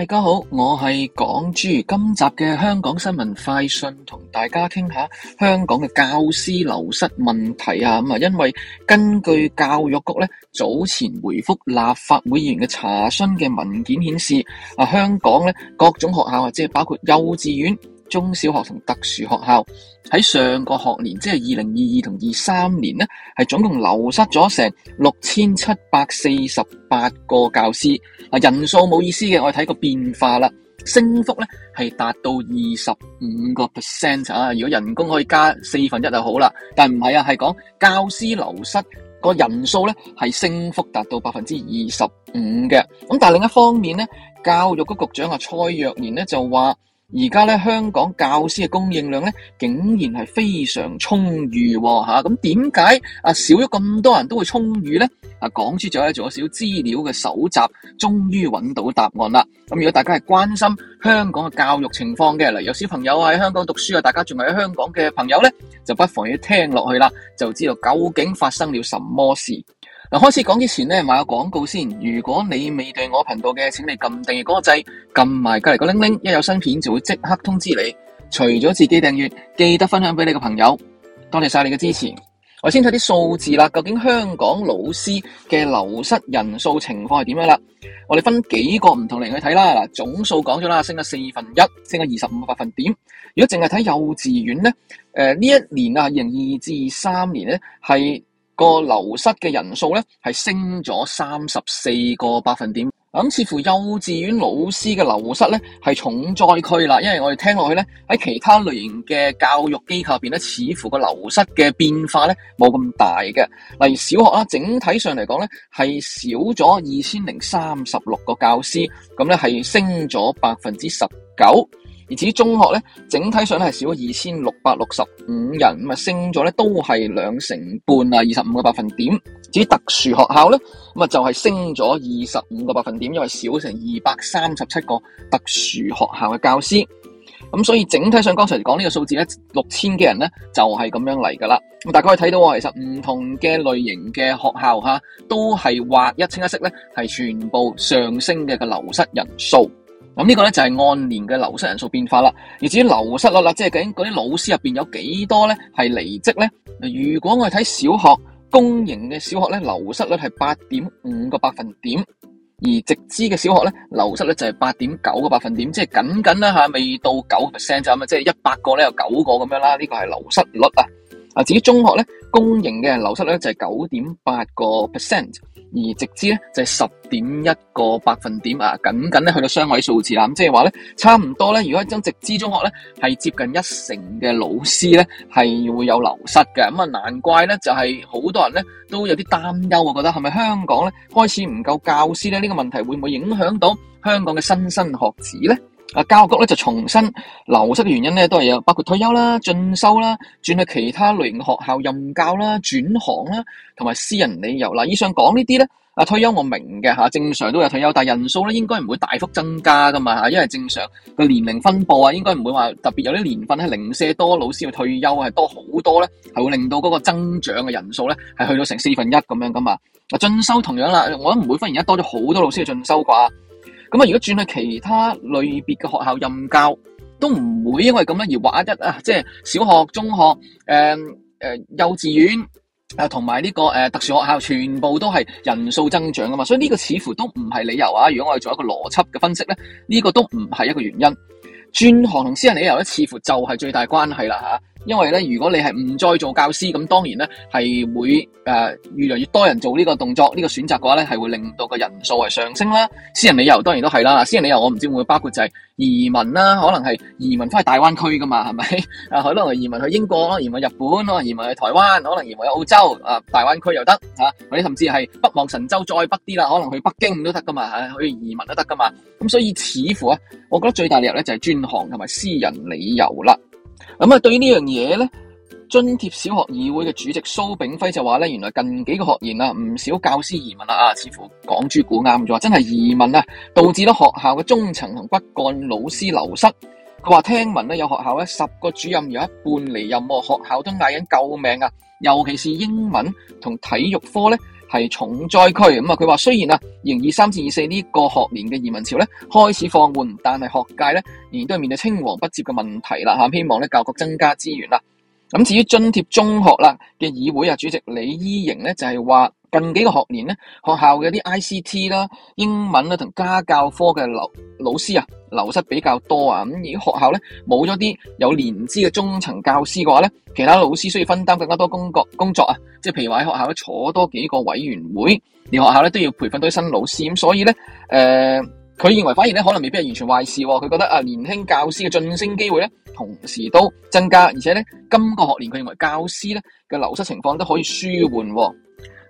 大家好，我係港豬。今集嘅香港新聞快訊，同大家傾下香港嘅教師流失問題啊。咁啊，因為根據教育局咧早前回覆立法會議員嘅查詢嘅文件顯示，啊香港咧各種學校啊，即係包括幼稚園。中小學同特殊學校喺上個學年，即係二零二二同二三年咧，係總共流失咗成六千七百四十八個教師。啊，人數冇意思嘅，我哋睇個變化啦，升幅咧係達到二十五個 percent 啊！如果人工可以加四分一就好啦，但唔係啊，係講教師流失個人數咧係升幅達到百分之二十五嘅。咁但係另一方面咧，教育局局長啊蔡若蓮咧就話。而家咧，香港教師嘅供應量咧，竟然係非常充裕吓、哦。咁點解啊，少咗咁多人都會充裕咧？啊，講出咗一咗少少資料嘅搜集，終於揾到答案啦。咁如果大家係關心香港嘅教育情況嘅，嚟有小朋友喺香港讀書啊，大家仲喺香港嘅朋友咧，就不妨要聽落去啦，就知道究竟發生了什麼事。嗱，開始講之前咧，買個廣告先。如果你未訂我頻道嘅，請你撳訂閱嗰個掣，撳埋隔籬個鈴鈴，一有新片就會即刻通知你。除咗自己訂閱，記得分享俾你嘅朋友。多謝晒你嘅支持。我、嗯、先睇啲數字啦，究竟香港老師嘅流失人數情況係點樣啦？我哋分幾個唔同嚟去睇啦。嗱，總數講咗啦，升咗四分一，升咗二十五個百分點。如果淨係睇幼稚園咧，誒呢一年啊，零二至三年咧係。個流失嘅人數咧係升咗三十四個百分點，咁似乎幼稚園老師嘅流失咧係重災區啦。因為我哋聽落去咧，喺其他類型嘅教育機構入邊咧，似乎個流失嘅變化咧冇咁大嘅。例如小學啦，整體上嚟講咧係少咗二千零三十六個教師，咁咧係升咗百分之十九。而至於中學咧，整體上咧係少咗二千六百六十五人，咁啊升咗咧都係兩成半啊，二十五個百分點。至於特殊學校咧，咁啊就係、是、升咗二十五個百分點，因為少成二百三十七個特殊學校嘅教師。咁所以整體上剛，剛才講呢個數字咧，六千幾人咧就係咁樣嚟㗎啦。咁大家可以睇到，我其實唔同嘅類型嘅學校嚇，都係劃一清一色咧，係全部上升嘅個流失人數。咁、這、呢個呢，就係按年嘅流失人數變化啦。而至於流失率啦，即係究竟嗰啲老師入面有幾多呢係離職呢？如果我哋睇小學公營嘅小學呢，流失率係八點五個百分點；而直資嘅小學呢，流失率就係八點九個百分點，即係僅僅啦未到九 percent 就咁啊，即係一百個呢，有九個咁樣啦。呢個係流失率啊。嗱，至於中學咧，公營嘅流失咧就係九點八個 percent，而直資咧就係十點一個百分點啊，僅僅咧去到雙位數字啦。咁即係話咧，差唔多咧，如果一張直資中學咧，係接近一成嘅老師咧係會有流失嘅。咁、嗯、啊，難怪咧就係、係、好多人咧都有啲擔憂、啊，我覺得係咪香港咧開始唔夠教師咧？呢、呢個問題會唔會影響到香港嘅新生學子咧？教育局咧就重新流失嘅原因咧，都係有包括退休啦、進修啦、轉去其他類型學校任教啦、轉行啦，同埋私人理由。嗱，以上講呢啲咧，啊退休我明嘅吓，正常都有退休，但係人數咧應該唔會大幅增加噶嘛吓，因為正常嘅年齡分布啊，應該唔會話特別有啲年份係零舍多老師要退休係多好多咧，係會令到嗰個增長嘅人數咧係去到成四分一咁樣噶嘛。啊進修同樣啦，我諗唔會忽然間多咗好多老師要進修啩。咁啊！如果轉去其他類別嘅學校任教，都唔會因為咁樣而劃一啊，即係小學、中學、誒誒幼稚園啊，同埋呢個誒特殊學校，全部都係人數增長噶嘛，所以呢個似乎都唔係理由啊。如果我哋做一個邏輯嘅分析咧，呢個都唔係一個原因。轉學同私人理由咧，似乎就係最大關係啦吓。啊因為咧，如果你係唔再做教師，咁當然咧係會誒、呃、越嚟越多人做呢個動作，呢、呢個選擇嘅話咧，係會令到個人數係上升啦。私人理由當然都係啦。私人理由我唔知會包括就係移民啦，可能係移民翻去大灣區噶嘛，係咪？啊，可能移民去英國咯，移民去日本，可能移民去台灣，可能移民去澳洲，啊，大灣區又得吓，或、啊、者甚至係北望神州再北啲啦，可能去北京都得噶嘛，吓、啊、去移民都得噶嘛。咁所以似乎啊，我覺得最大理由咧就係、是、專項同埋私人理由啦。咁啊，對於呢樣嘢咧，津貼小學議會嘅主席蘇炳輝就話咧，原來近幾個學年啊，唔少教師移民啦啊，似乎講豬估啱咗，真係移民啊，導致咗學校嘅中層同骨幹老師流失。佢話聽聞咧，有學校咧，十個主任有一半離任，學校都嗌緊救命啊，尤其是英文同體育科咧。係重災區。咁啊，佢話雖然啊，二零二三至二四呢個學年嘅移民潮咧，開始放緩，但係學界咧，仍然都係面對青黃不接嘅問題啦嚇。希望咧，教育局增加資源啦。咁至於津貼中學啦嘅議會啊主席李依瑩咧就係話，近幾個學年咧，學校嘅啲 ICT 啦、英文啦同家教科嘅老老師啊。流失比較多啊，咁而啲學校咧冇咗啲有年資嘅中層教師嘅話咧，其他老師需要分擔更加多工作工作啊，即係譬如話喺學校咧坐多幾個委員會，連學校咧都要培訓多啲新老師，咁所以咧，誒、呃、佢認為反而咧可能未必係完全壞事，佢覺得啊年輕教師嘅晉升機會咧同時都增加，而且咧今個學年佢認為教師咧嘅流失情況都可以舒緩，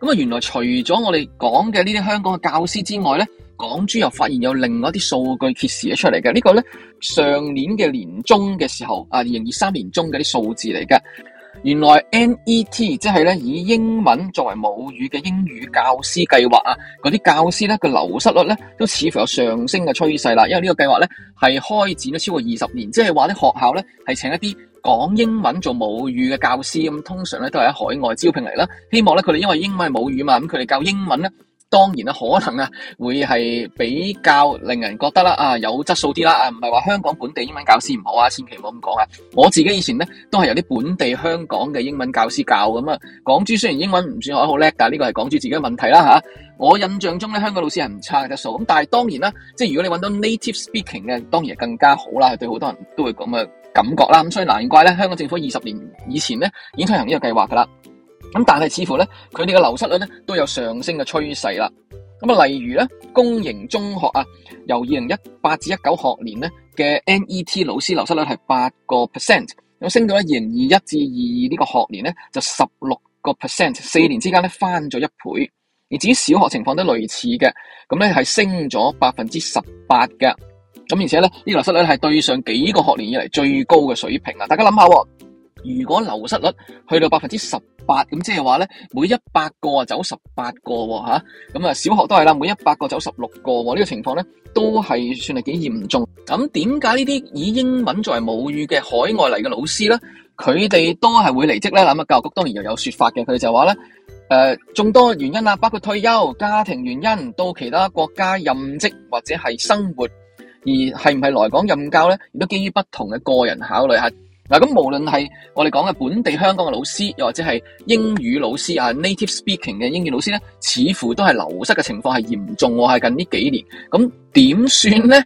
咁啊原來除咗我哋講嘅呢啲香港嘅教師之外咧。港珠又發現有另外一啲數據揭示咗出嚟嘅，呢、這個呢，上年嘅年中嘅時候，啊，二零二三年中嘅啲數字嚟嘅，原來 NET 即係呢以英文作為母語嘅英語教師計劃啊，嗰啲教師呢個流失率呢都似乎有上升嘅趨勢啦，因為呢個計劃呢係開展咗超過二十年，即係話啲學校呢係請一啲講英文做母語嘅教師，咁通常呢都係喺海外招聘嚟啦，希望呢，佢哋因為英文係母語嘛，咁佢哋教英文呢。當然啦，可能啊會係比較令人覺得啦，啊有質素啲啦，啊唔係話香港本地英文教師唔好啊，千祈唔好咁講啊。我自己以前呢，都係有啲本地香港嘅英文教師教咁啊、嗯。港豬雖然英文唔算好叻，但係呢個係港豬自己嘅問題啦吓、啊。我印象中呢，香港老師係唔差嘅質素。咁、嗯、但係當然啦，即係如果你揾到 native speaking 嘅，當然更加好啦，對好多人都會咁嘅感覺啦。咁、嗯、所以難怪呢，香港政府二十年以前呢已經推行呢個計劃噶啦。咁但係似乎咧，佢哋嘅流失率咧都有上升嘅趨勢啦。咁啊，例如咧，公營中學啊，由二零一八至一九學年咧嘅 NET 老師流失率係八個 percent，咁升到二零二一至二二呢個學年咧就十六個 percent，四年之間咧翻咗一倍。而至於小學情況都類似嘅，咁咧係升咗百分之十八嘅。咁而且咧呢個流失率係對上幾個學年以嚟最高嘅水平啦。大家諗下。如果流失率去到百分之十八，咁即係話咧，每一百個啊走十八個喎，吓，咁啊，小學都係啦，每一百個走十六個，呢、這個情況咧都係算係幾嚴重的。咁點解呢啲以英文作為母語嘅海外嚟嘅老師咧，佢哋都係會離職咧？咁啊，教育局當然又有說法嘅，佢哋就話咧，誒、呃，眾多原因啊，包括退休、家庭原因、到其他國家任職或者係生活，而係唔係來港任教咧，亦都基於不同嘅個人考慮吓。嗱，咁無論係我哋講嘅本地香港嘅老師，又或者係英語老師啊 ，native speaking 嘅英語老師咧，似乎都係流失嘅情況係嚴重喎，係近呢幾年。咁點算咧？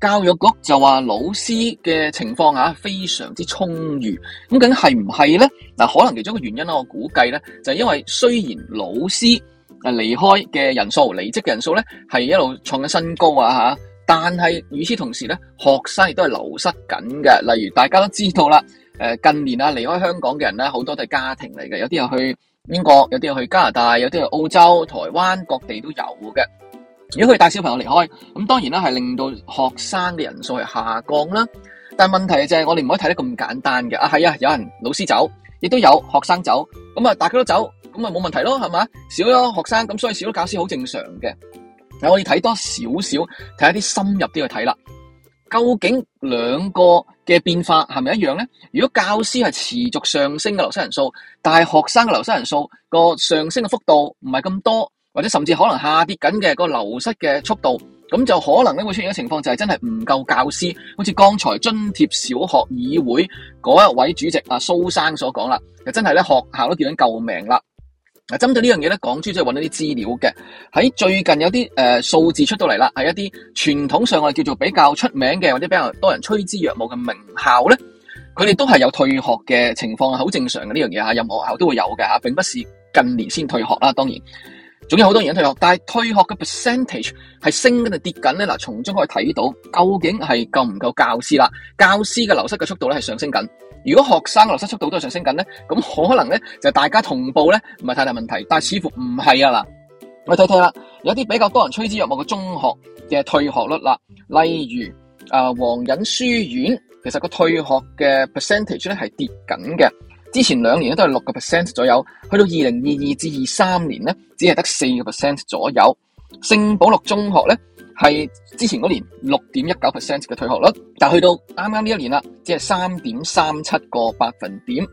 教育局就話老師嘅情況啊，非常之充裕。咁究竟係唔係咧？嗱，可能其中嘅原因我估計咧，就係因為雖然老師啊離開嘅人數、離職嘅人數咧，係一路創緊新高啊，嚇。但係與此同時咧，學生亦都係流失緊嘅。例如大家都知道啦，誒，近年啊離開香港嘅人咧，好多都係家庭嚟嘅，有啲又去英國，有啲又去加拿大，有啲又澳洲、台灣各地都有嘅。如果佢帶小朋友離開，咁當然啦，係令到學生嘅人數係下降啦。但係問題就係我哋唔可以睇得咁簡單嘅。啊，係啊，有人老師走，亦都有學生走，咁啊，大家都走，咁啊冇問題咯，係嘛？少咗學生，咁所以少咗教師好正常嘅。你可以睇多少少，睇一啲深入啲去睇啦。究竟兩個嘅變化係咪一樣呢？如果教師係持續上升嘅流失人數，但係學生嘅流失人數個上升嘅幅度唔係咁多，或者甚至可能下跌緊嘅個流失嘅速度，咁就可能呢會出現嘅情況，就係真係唔夠教師。好似剛才津貼小學議會嗰一位主席啊蘇生所講啦，就真係呢學校都叫緊救命啦。嗱，針對呢樣嘢咧，港豬即係揾到啲資料嘅，喺最近有啲誒、呃、數字出到嚟啦，係一啲傳統上我哋叫做比較出名嘅或者比較多人趨之若鶩嘅名校咧，佢哋都係有退學嘅情況，係好正常嘅呢樣嘢嚇，任何學校都會有嘅嚇，並不是近年先退學啦，當然，總有好多人退學，但係退學嘅 percentage 係升緊定跌緊咧，嗱，從中可以睇到究竟係夠唔夠教師啦，教師嘅流失嘅速度咧係上升緊。如果學生流失速度都係上升緊呢，咁可能呢就大家同步呢唔係太大問題，但係似乎唔係啊啦，我哋睇睇啦，有啲比較多人趨之若鶩嘅中學嘅退學率啦，例如啊皇仁書院，其實個退學嘅 percentage 咧，係跌緊嘅，之前兩年都係六個 percent 左右，去到二零二二至二三年呢只係得四個 percent 左右。聖保祿中學咧，係之前嗰年六點一九 percent 嘅退學率，但去到啱啱呢一年啦，即係三點三七個百分點。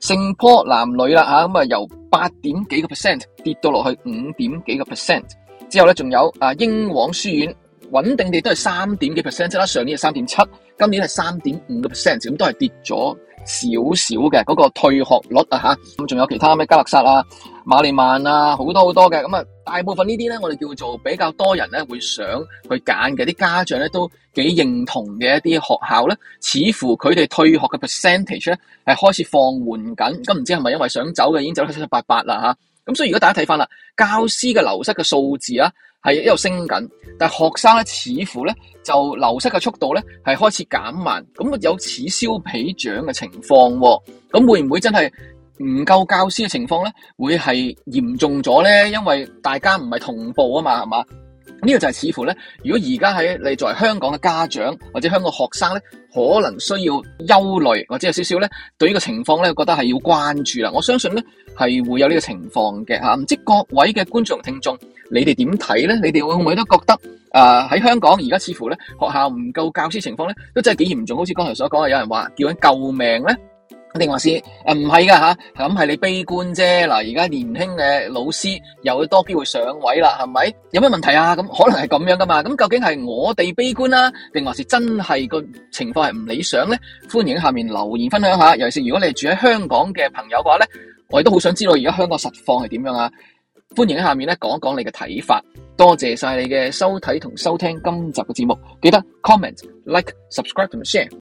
聖坡男女啦吓，咁啊由八點幾個 percent 跌到落去五點幾個 percent，之後咧仲有啊英皇書院。穩定地都係三點幾 percent 啦，即係上年係三點七，今年係三點五個 percent，咁都係跌咗少少嘅嗰個退學率啊嚇。咁仲有其他咩加勒沙啊、馬利曼啊，好多好多嘅咁啊，大部分呢啲咧，我哋叫做比較多人咧會想去揀嘅，啲家長咧都幾認同嘅一啲學校咧，似乎佢哋退學嘅 percentage 咧係開始放緩緊，咁唔知係咪因為想走嘅已經走得七七八八啦嚇。咁所以如果大家睇返啦，教師嘅流失嘅數字啊，係一路升緊，但係學生咧似乎咧就流失嘅速度咧係開始減慢，咁有此消彼長嘅情況喎，咁會唔會真係唔夠教師嘅情況咧，會係嚴重咗咧？因為大家唔係同步啊嘛，係嘛？呢個就係似乎呢。如果而家喺你作為香港嘅家長或者香港學生呢，可能需要憂慮或者有少少呢對呢個情況呢，覺得係要關注啦。我相信呢係會有呢個情況嘅嚇，唔知各位嘅觀眾同聽眾，你哋點睇呢？你哋會唔會都覺得誒喺、嗯呃、香港而家似乎呢學校唔夠教師情況呢，都真係幾嚴重，好似剛才所講有人話叫緊救命咧。定話是誒唔係噶吓，咁係你悲觀啫。嗱，而家年輕嘅老師又會多機會上位啦，係咪？有咩問題啊？咁可能係咁樣噶嘛？咁究竟係我哋悲觀啦，啊，定話是真係個情況係唔理想咧？歡迎下面留言分享下，尤其是如果你係住喺香港嘅朋友嘅話咧，我亦都好想知道而家香港實況係點樣啊？歡迎喺下面咧講一講你嘅睇法。多謝晒你嘅收睇同收聽今集嘅節目，記得 comment、like、subscribe 同埋 share。